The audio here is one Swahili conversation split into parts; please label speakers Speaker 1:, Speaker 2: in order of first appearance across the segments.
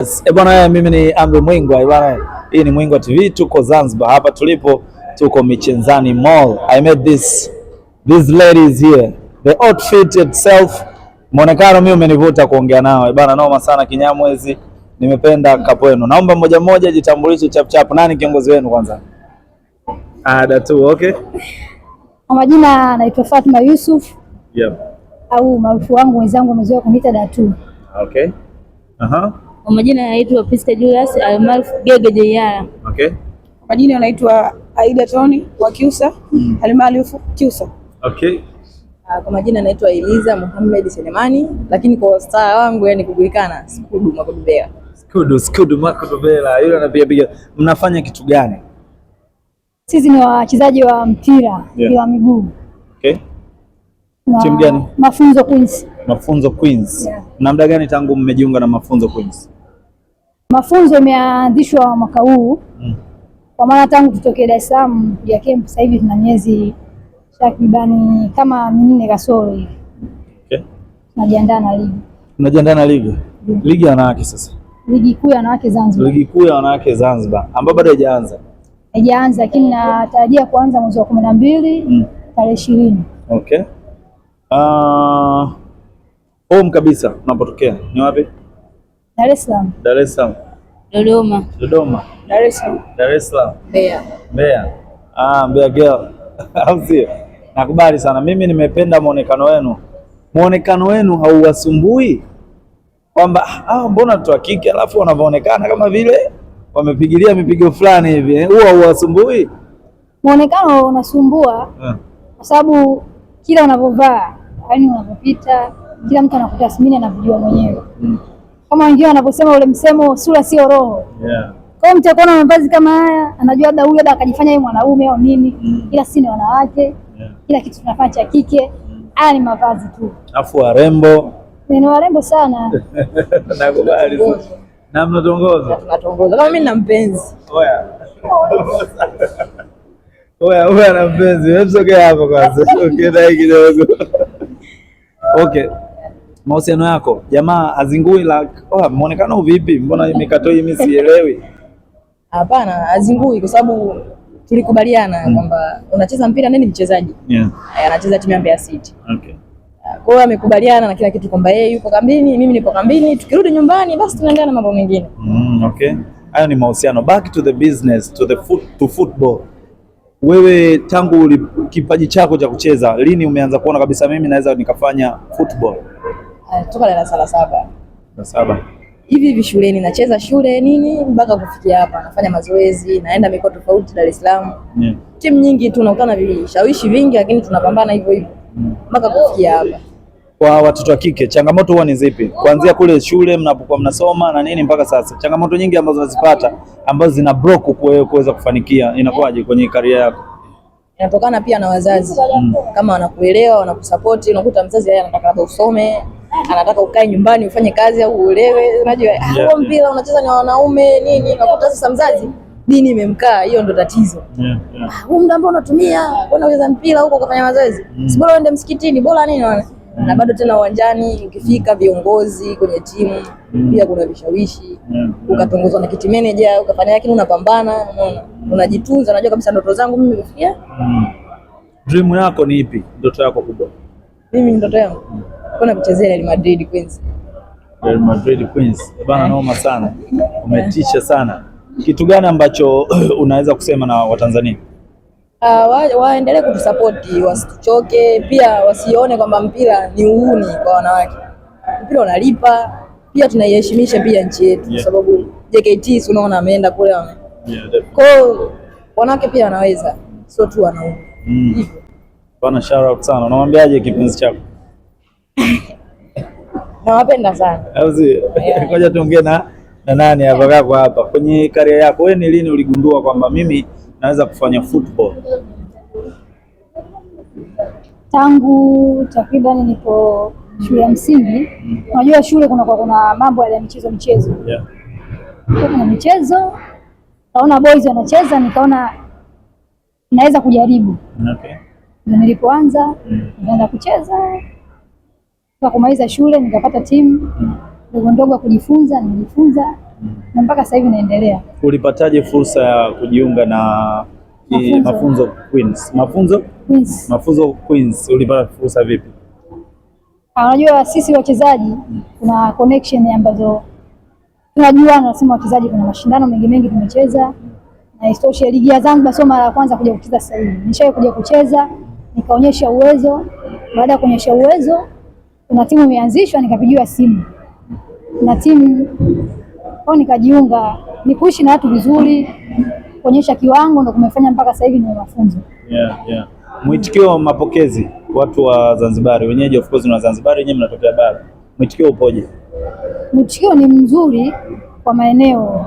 Speaker 1: Yes, eh, bwana, mimi ni Amri Mwingwa eh, bwana, hii ni Mwingwa TV, tuko Zanzibar hapa tulipo, tuko Michenzani Mall. I met this these ladies here, the outfit itself, muonekano mimi umenivuta kuongea nao eh, bwana, noma sana Kinyamwezi, nimependa kapo kapwenu. Naomba mmoja mmoja jitambulishe chap chap, nani kiongozi wenu kwanza? Ada tu okay.
Speaker 2: Kwa majina naitwa Fatma Yusuf. Yep. Au maarufu wangu wenzangu wamezoea kuniita Datu.
Speaker 1: Okay. Aha. Uh -huh.
Speaker 2: Kwa majina yanaitwa Pista Julius almaarufu Gege JR. Okay. Kwa majina yanaitwa Aida Toni wa Kiusa mm. almaarufu Kiusa. Okay. Ah, kwa majina naitwa Eliza Muhammad Selemani, lakini kwa star wangu yani kujulikana Skudu Makotobela.
Speaker 1: Skudu, Skudu Makotobela. Yule anapiga piga. Mnafanya kitu gani?
Speaker 2: Sisi ni wachezaji wa mpira yeah, wa miguu.
Speaker 1: Okay. Timu gani?
Speaker 2: Mafunzo Queens.
Speaker 1: Mafunzo Queens. Yeah. Na muda gani tangu mmejiunga na Mafunzo Queens?
Speaker 2: Mafunzo yameanzishwa mwaka huu mm. Kwa maana tangu tutokee Dar es Salaam ya camp sasa hivi tuna miezi takribani kama minne kasoro hivi okay. Tunajiandaa na ligi,
Speaker 1: tunajiandaa na ligi yeah. Mm. Ligi ya wanawake sasa,
Speaker 2: ligi kuu ya wanawake Zanzibar,
Speaker 1: ligi kuu ya wanawake Zanzibar ambayo bado haijaanza
Speaker 2: haijaanza, lakini natarajia kuanza mwezi wa kumi na mbili mm. tarehe ishirini
Speaker 1: okay. Uh, home kabisa unapotokea ni wapi? Dar es Salaam. Dar es Salaam. Dodoma. Dodoma. Dar es Salaam. Dar es Salaam. Mbeya. Mbeya. Ah, Mbeya girl. Au sio? Nakubali sana. Mimi nimependa muonekano wenu. Muonekano wenu hauwasumbui kwamba ah, ah mbona mtu wa kike alafu wanavyoonekana kama vile wamepigilia mipigo fulani hivi. Eh, Huo hauwasumbui?
Speaker 2: Muonekano unasumbua eh. kwa sababu kila unavyovaa, yaani unavyopita, kila mtu anakutathmini, anavijua mwenyewe. Hmm kama wengine wanavyosema ule msemo, sura sio roho yeah. Kwa hiyo mtu akiona mavazi kama haya anajua labda huyu labda akajifanya yeye mwanaume au nini mm. Ila sisi ni wanawake yeah. Kila kitu tunafanya cha kike mm. Haya ni mavazi tu,
Speaker 1: afu warembo
Speaker 2: ni warembo sana
Speaker 1: nakubali na mnatongoza
Speaker 2: tunatongoza, kama mimi na mpenzi
Speaker 1: oya oya oya na mpenzi, hebu sogea hapo kwanza, sogea kidogo okay mahusiano yako, jamaa azingui la oh, muonekano vipi? Mbona imekatoi mimi sielewi.
Speaker 2: Hapana, azingui kwa sababu tulikubaliana mm. kwamba unacheza mpira nini mchezaji yeah. anacheza timu ya Mbeya City okay. Ah, kwa hiyo amekubaliana na kila kitu kwamba yeye yuko kambini, mimi nipo kambini, tukirudi nyumbani basi tunaendelea na mambo mengine
Speaker 1: mm, okay. Hayo ni mahusiano. Back to the business, to the foot, to football. Wewe tangu kipaji chako cha kucheza lini umeanza kuona kabisa mimi naweza nikafanya football?
Speaker 2: Eh, toka darasa la saba la saba hivi hivi shuleni, nacheza shule nini mpaka kufikia hapa, nafanya mazoezi, naenda mikoa tofauti Dar es Salaam yeah. Timu nyingi tunakutana vishawishi vingi, lakini tunapambana hivyo hivyo mm. mpaka mm. kufikia hapa.
Speaker 1: Kwa watoto wa kike changamoto huwa ni zipi, kuanzia kule shule mnapokuwa mnasoma na nini mpaka sasa? Changamoto nyingi ambazo nazipata ambazo zina block kuweza kufanikia, inakuwaje kwenye karia yako?
Speaker 2: Inatokana pia na wazazi mm. kama wanakuelewa, wanakusapoti. Unakuta mzazi yeye anataka labda usome anataka ukae nyumbani ufanye kazi au uolewe. Unajua ah, yeah, huo mpira yeah. unacheza na wanaume nini, unakuta sasa mzazi dini imemkaa, hiyo ndo tatizo
Speaker 1: yeah, yeah. Ah,
Speaker 2: huu muda ambao unatumia unaweza mpira huko ukafanya mazoezi mm. si bora uende msikitini, bora nini wana mm. na bado tena uwanjani ukifika viongozi kwenye timu mm. pia kuna vishawishi yeah, yeah. ukatongozwa na kiti manager ukafanya, lakini unapambana, unaona mm. unajitunza. unajua kabisa ndoto zangu mimi kufikia.
Speaker 1: mm. Dream yako ni ipi? Ndoto yako kubwa?
Speaker 2: Mimi ndoto yangu mm kwenda kuchezea Real Madrid Queens.
Speaker 1: Real Madrid Queens. Eh, bana, eh. noma sana, umetisha sana. Kitu gani ambacho unaweza kusema na Watanzania?
Speaker 2: Uh, waendelee wa kutusapoti, wasichoke, pia wasione kwamba mpira ni uhuni kwa wanawake. Mpira unalipa, pia tunaiheshimisha pia nchi yetu kwa yeah, sababu JKT unaona ameenda kule wame. Yeah, kwao wanawake pia wanaweza, sio tu wanaume.
Speaker 1: Mm. Bana, shout out sana. Unamwambiaje kipenzi chako?
Speaker 2: nawapenda sana
Speaker 1: au Ngoja tuongee na na nani hapa kako hapa. Kwenye karia yako wewe, ni lini uligundua kwamba mimi naweza kufanya football?
Speaker 2: Tangu takriban niko shule ya msingi. Mm-hmm. Unajua shule kuna, kuna mambo ya michezo michezo yeah. kuna michezo kaona boys wanacheza, nikaona naweza kujaribu okay. Nilipoanza mm. nikaanza kucheza kwa kumaliza shule nikapata timu ndogo ndogo ya kujifunza, nimejifunza na mpaka sasa hivi naendelea.
Speaker 1: Ulipataje fursa ya kujiunga na mafunzo Queens? Mafunzo Queens, mafunzo Queens, ulipata fursa vipi?
Speaker 2: Ah, unajua sisi wachezaji kuna connection ambazo tunajua, nasema wachezaji, kuna mashindano mengi mengi tumecheza na isitoshe, ligi ya Zanzibar sio mara ya kwanza kuja kucheza. Sasa hivi nishawahi kuja kucheza nikaonyesha uwezo, baada ya kuonyesha uwezo kuna timu imeanzishwa, nikapigiwa simu na timu kwao, nikajiunga. Ni kuishi na watu vizuri, kuonyesha kiwango, ndo kumefanya mpaka sasa hivi ni mafunzo
Speaker 1: yeah, yeah. Mwitikio mapokezi, watu wa Zanzibari wenyeji, of course na Zanzibar wenyewe mnatokea bara, mwitikio upoje?
Speaker 2: Mwitikio ni mzuri kwa maeneo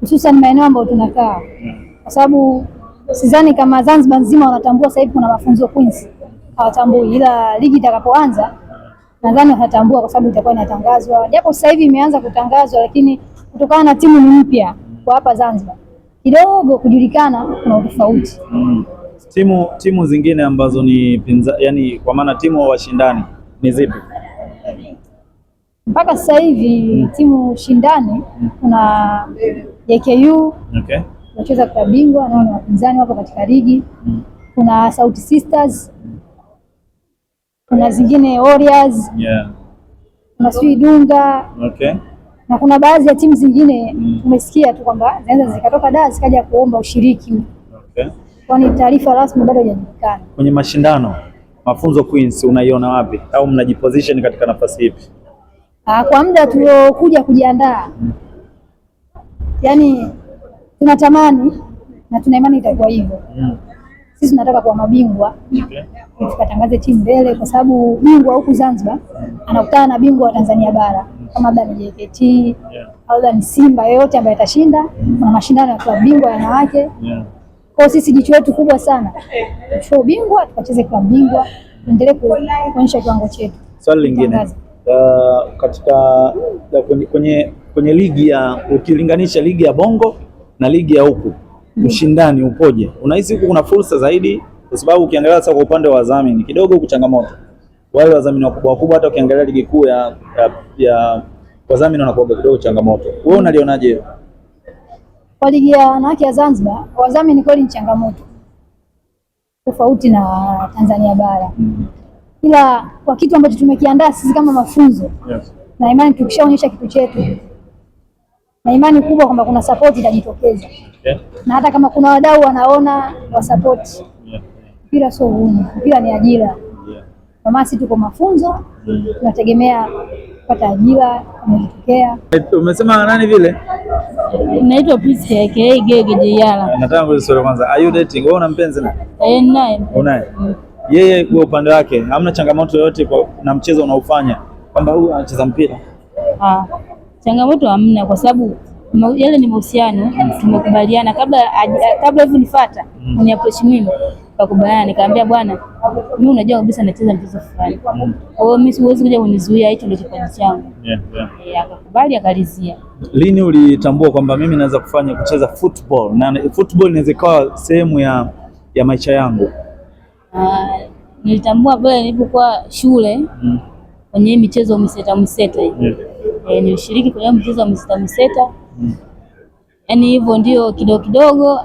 Speaker 2: hususan maeneo ambayo tunakaa hmm. kwa sababu sidhani kama Zanzibar nzima wanatambua sasa hivi kuna mafunzo Queens, hawatambui, ila ligi itakapoanza nadhani watatambua kwa sababu itakuwa inatangazwa, japo sasa hivi imeanza kutangazwa, lakini kutokana na timu mpya kwa hapa Zanzibar kidogo kujulikana kuna utofauti
Speaker 1: mm. timu timu zingine ambazo ni pinza, yani kwa maana timu wa washindani ni zipi?
Speaker 2: Mpaka sasa hivi mm. timu shindani mm. kuna JKU okay. Wacheza kwa bingwa nao wapinzani wapo katika ligi mm. kuna Sauti Sisters kuna zingine Warriors yeah. kuna sijui Dunga okay. na kuna baadhi ya timu zingine mm. tumesikia mm. tu kwamba zinaweza zikatoka da zikaja kuomba ushiriki okay. kwani taarifa rasmi bado haijajulikana.
Speaker 1: Kwenye mashindano Mafunzo Queens unaiona wapi au mnajiposition katika nafasi ipi?
Speaker 2: Ah, kwa muda tuliokuja kujiandaa mm. yaani tunatamani na tuna imani itakuwa hivyo mm sisi tunataka kuwa mabingwa okay. Tukatangaze timu mbele, kwa sababu bingwa huku Zanzibar anakutana na bingwa wa Tanzania bara kama labda ni JKT yeah. labda ni Simba, yoyote ambaye atashinda. Kuna mashindano ya kwa bingwa ya wanawake yeah. Kwa sisi jicho letu kubwa sana kwa bingwa tukacheze kwa bingwa, endelee kuonyesha kiwango chetu.
Speaker 1: Swali lingine uh, katika uh, kwenye, kwenye ligi ya ukilinganisha ligi ya Bongo na ligi ya huku ushindani upoje? Unahisi huku kuna fursa zaidi? Kwa sababu ukiangalia sasa kwa upande wa wadhamini kidogo huku changamoto, wale wadhamini wakubwa wakubwa, hata ukiangalia ligi kuu ya, ya, ya wadhamini wanakuwa kidogo changamoto. Wewe unalionaje?
Speaker 2: Kwa ligi ya wanawake ya Zanzibar wadhamini kweli ni changamoto, tofauti na Tanzania bara mm -hmm. Ila kwa kitu ambacho tumekiandaa sisi kama mafunzo yes. na imani tukishaonyesha kitu chetu na imani kubwa kwamba kuna sapoti itajitokeza yeah. na hata kama kuna wadau wanaona wasapoti yeah. mpira sio uhuni, mpira ni ajira yeah. Namasi tuko mafunzo yeah. tunategemea kupata ajira inajitokea.
Speaker 1: Umesema nani vile?
Speaker 2: Naitwa Priska aka Gege Jiala.
Speaker 1: Nataka kuuliza swali kwanza. Are you dating? Wewe una mpenzi na?
Speaker 2: Eh, naye.
Speaker 1: Unaye? Yeye kwa upande wake hamna changamoto yoyote na mchezo unaofanya kwamba huyu anacheza mpira?
Speaker 2: Ah. Changamoto hamna, kwa sababu yale ni mahusiano, tumekubaliana kabla kabla hivyo nifuata mm. ni approach mimi kakubaliana, nikamwambia bwana, mimi unajua kabisa nacheza mchezo fulani, mm. kwa hiyo mimi siwezi kuja kunizuia hicho ndio kipaji changu. yeah, yeah. Eh, akakubali akalizia.
Speaker 1: Lini ulitambua kwamba mimi naweza kufanya kucheza football na football inaweza kuwa sehemu ya ya maisha yangu?
Speaker 2: Aa, ah, nilitambua pale nilipokuwa shule mm. kwenye michezo mseta mseta hivi e, eh, nilishiriki kwenye mchezo wa Mr. Mseta mm. Yaani hivyo ndio kidogo kidogo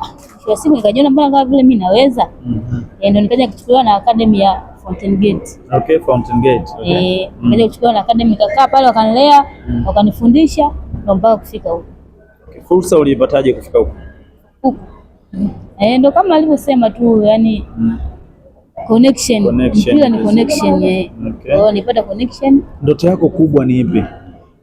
Speaker 2: kwa siku nikajiona mbona kama vile mimi naweza mm -hmm. E, ndio nikaja kuchukuliwa na academy ya Fountain Gate.
Speaker 1: Okay, Fountain Gate. Okay. E,
Speaker 2: mm. nikaja kuchukuliwa na academy kakaa pale wakanilea mm. wakanifundisha ndio mpaka kufika huko.
Speaker 1: Okay, fursa uliipataje kufika huko?
Speaker 2: Huko. Eh, ndio kama alivyosema tu yani mm. Connection. Connection. Mpira ni connection. Yes. Eh. Okay. Nipata connection.
Speaker 1: Ndoto yako kubwa ni ipi?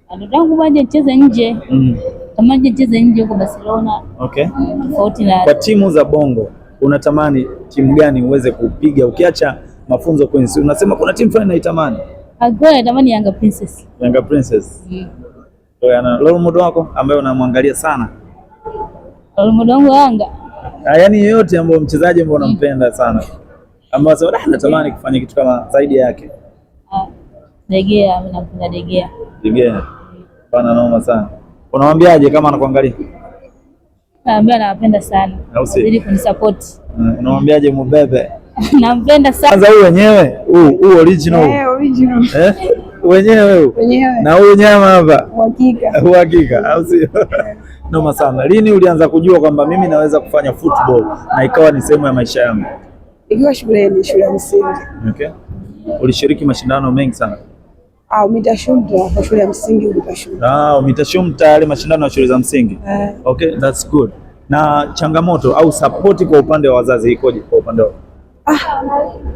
Speaker 2: Anataka kubaje nicheze nje mm. Tamani nicheze nje huko Barcelona.
Speaker 1: Okay. Tofauti na kwa timu za Bongo unatamani timu gani uweze kupiga ukiacha mafunzo Queens? Unasema kuna timu fulani naitamani.
Speaker 2: Natamani Yanga Princess.
Speaker 1: Yanga Princess. Mm. Kwa Ana role model wako ambaye unamwangalia sana?
Speaker 2: Role model wangu Yanga.
Speaker 1: Ah, yani yeyote ambaye mchezaji ambaye mm. unampenda sana. Ambaye ah, natamani kufanya kitu kama zaidi yake.
Speaker 2: Degea, mimi nampenda Degea.
Speaker 1: Degea. Pana noma sana. Unamwambiaje kama anakuangalia?
Speaker 2: Naambia ah, nawapenda sana. Ili kunisupport.
Speaker 1: Eh, unamwambiaje mubebe?
Speaker 2: Nampenda sana. Kwanza
Speaker 1: huyu wenyewe, huu huu original.
Speaker 2: Eh, original.
Speaker 1: Eh? Wenyewe huu. Wenyewe. Na huyu nyama hapa.
Speaker 2: Uhakika.
Speaker 1: Uhakika, au sio? Eh. Noma sana. Lini ulianza kujua kwamba mimi naweza kufanya football na ikawa ni sehemu ya maisha yangu?
Speaker 2: Ikiwa shule ya msingi.
Speaker 1: Okay. Ulishiriki mashindano mengi sana.
Speaker 2: Au ah, mitashumta kwa shule ya msingi mitashumta.
Speaker 1: Ah, mitashumta yale mashindano ya shule za msingi. Eh. Okay, that's good. Na changamoto au support kwa upande wa wazazi ikoje kwa upande wa?
Speaker 2: Ah,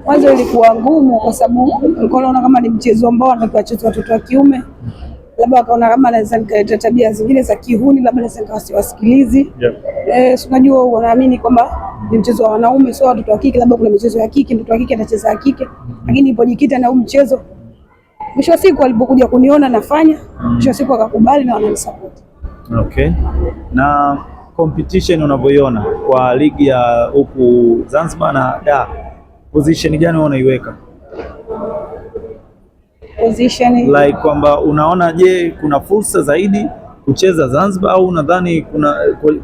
Speaker 2: mwanzo ilikuwa ngumu kwa sababu nilikuwa naona kama ni mchezo ambao anacheza watoto wa kiume. Labda wakaona kama naweza nikaleta tabia zingine za kihuni, labda naweza nikawasiwasikilizi. Yeah. Eh, unajua wanaamini kwamba ni mchezo wa wanaume sio watoto wa kike, labda kuna michezo ya kike, mtoto wa kike atacheza ya kike. Mm-hmm. Lakini ilipojikita na huu mchezo Mwisho wa siku alipokuja kuniona nafanya, mwisho wa siku akakubali na wananisupport.
Speaker 1: Okay. Na competition unavyoiona kwa ligi ya huku Zanzibar na da, position gani unaiweka? Position like kwamba unaona, je, kuna fursa zaidi kucheza Zanzibar au unadhani kuna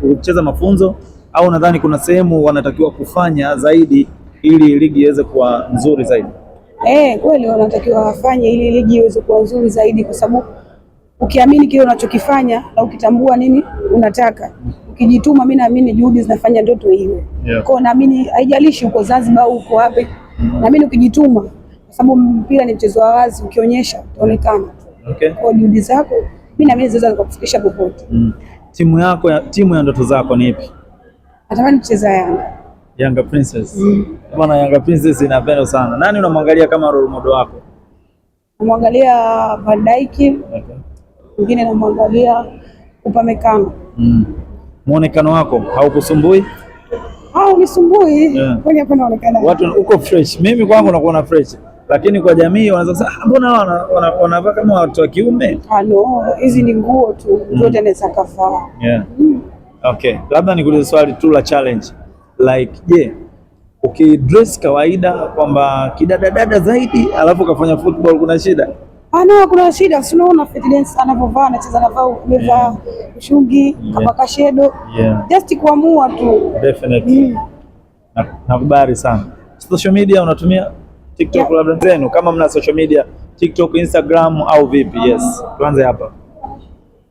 Speaker 1: kucheza mafunzo au unadhani kuna sehemu wanatakiwa kufanya zaidi ili ligi iweze kuwa nzuri zaidi?
Speaker 2: eh, kweli wanatakiwa wafanye ili ligi iweze kuwa nzuri zaidi, kwa sababu ukiamini kile unachokifanya na ukitambua nini unataka ukijituma, mi naamini juhudi zinafanya ndoto iwe yeah. Kwa naamini haijalishi uko Zanzibar au uko wapi, mm-hmm. naamini ukijituma, kwa sababu mpira ni mchezo wa wazi, ukionyesha utaonekana. Okay. Kwa juhudi zako mimi naamini zinaweza kukufikisha popote.
Speaker 1: mm. Timu yako ya, timu ya ndoto zako ni ipi?
Speaker 2: Natamani kucheza Yanga.
Speaker 1: Yanga Princess. Bwana, Yanga Princess inapendwa sana. Nani unamwangalia kama role model wako?
Speaker 2: Namwangalia Van Dijk. Okay. Mwingine namwangalia Upamecano.
Speaker 1: Mm. Muonekano wako haukusumbui?
Speaker 2: Ah, Unisumbui. Yeah. Kwani hapa naonekana.
Speaker 1: Watu uko fresh. Mimi kwangu nakuona fresh. Lakini kwa jamii wanaweza kusema ah, mbona wanavaa wana, wana kama watu wa kiume?
Speaker 2: Ah no, hizi ni nguo tu. Zote mm. Naweza kavaa.
Speaker 1: Yeah. Mm. Okay. Labda nikuulize swali tu la challenge like je, yeah, Okay, dress kawaida kwamba kidada dada zaidi alafu ukafanya football kuna shida?
Speaker 2: Ana ah, kuna shida, si unaona fit dance anavyovaa anacheza na vao umevaa ushungi kama kashedo just kuamua tu.
Speaker 1: Definitely. mm. Nakubali sana. Social media unatumia TikTok yeah. labda zenu kama mna social media TikTok, Instagram au vipi? Yes. Tuanze hapa.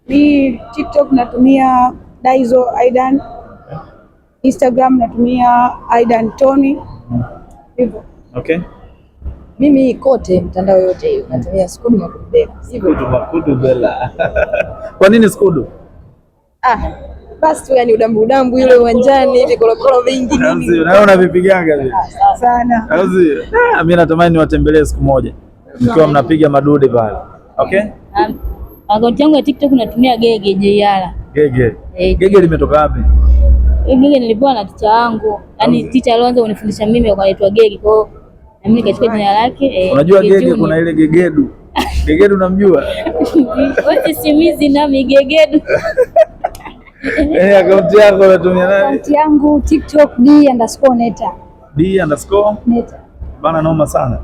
Speaker 2: Mi TikTok natumia Daizo Aidan Instagram natumia Aida Antoni hivyo. Okay. Mimi kote mtandao yote hiyo natumia Skudu Makudubela.
Speaker 1: Skudu Makudubela. Kwa nini Skudu?
Speaker 2: Ah, basi tu yani udambu udambu yule uwanjani ile kolokolo vingi
Speaker 1: nini. Unaona vipigaga vile. Ah, Sana. Ah, mimi natamani niwatembelee siku moja. Mkiwa mnapiga madude pale. Okay?
Speaker 2: Akaunti ah, yangu ya TikTok natumia Gege JR.
Speaker 1: Gege. Gege limetoka wapi?
Speaker 2: Hili nilipewa na ticha wangu, yaani ticha alianza kunifundisha mimi akaitwa Gege, kwa hiyo na mimi katika jina lake. Eh,
Speaker 1: Unajua Gege kuna ile gegedu gegedu, namjua
Speaker 2: wote simizi na migegedu
Speaker 1: Eh, akaunti yako unatumia nani? Akaunti
Speaker 2: yangu TikTok D underscore neta.
Speaker 1: D underscore neta. Bana, noma sana.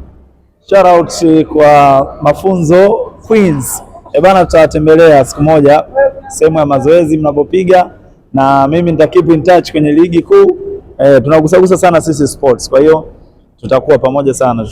Speaker 1: Shout out kwa Mafunzo Queens. Eh, bana, tutatembelea siku moja sehemu ya mazoezi mnapopiga na mimi nita keep in touch kwenye ligi kuu. E, tunagusagusa sana sisi sports, kwa hiyo tutakuwa pamoja sana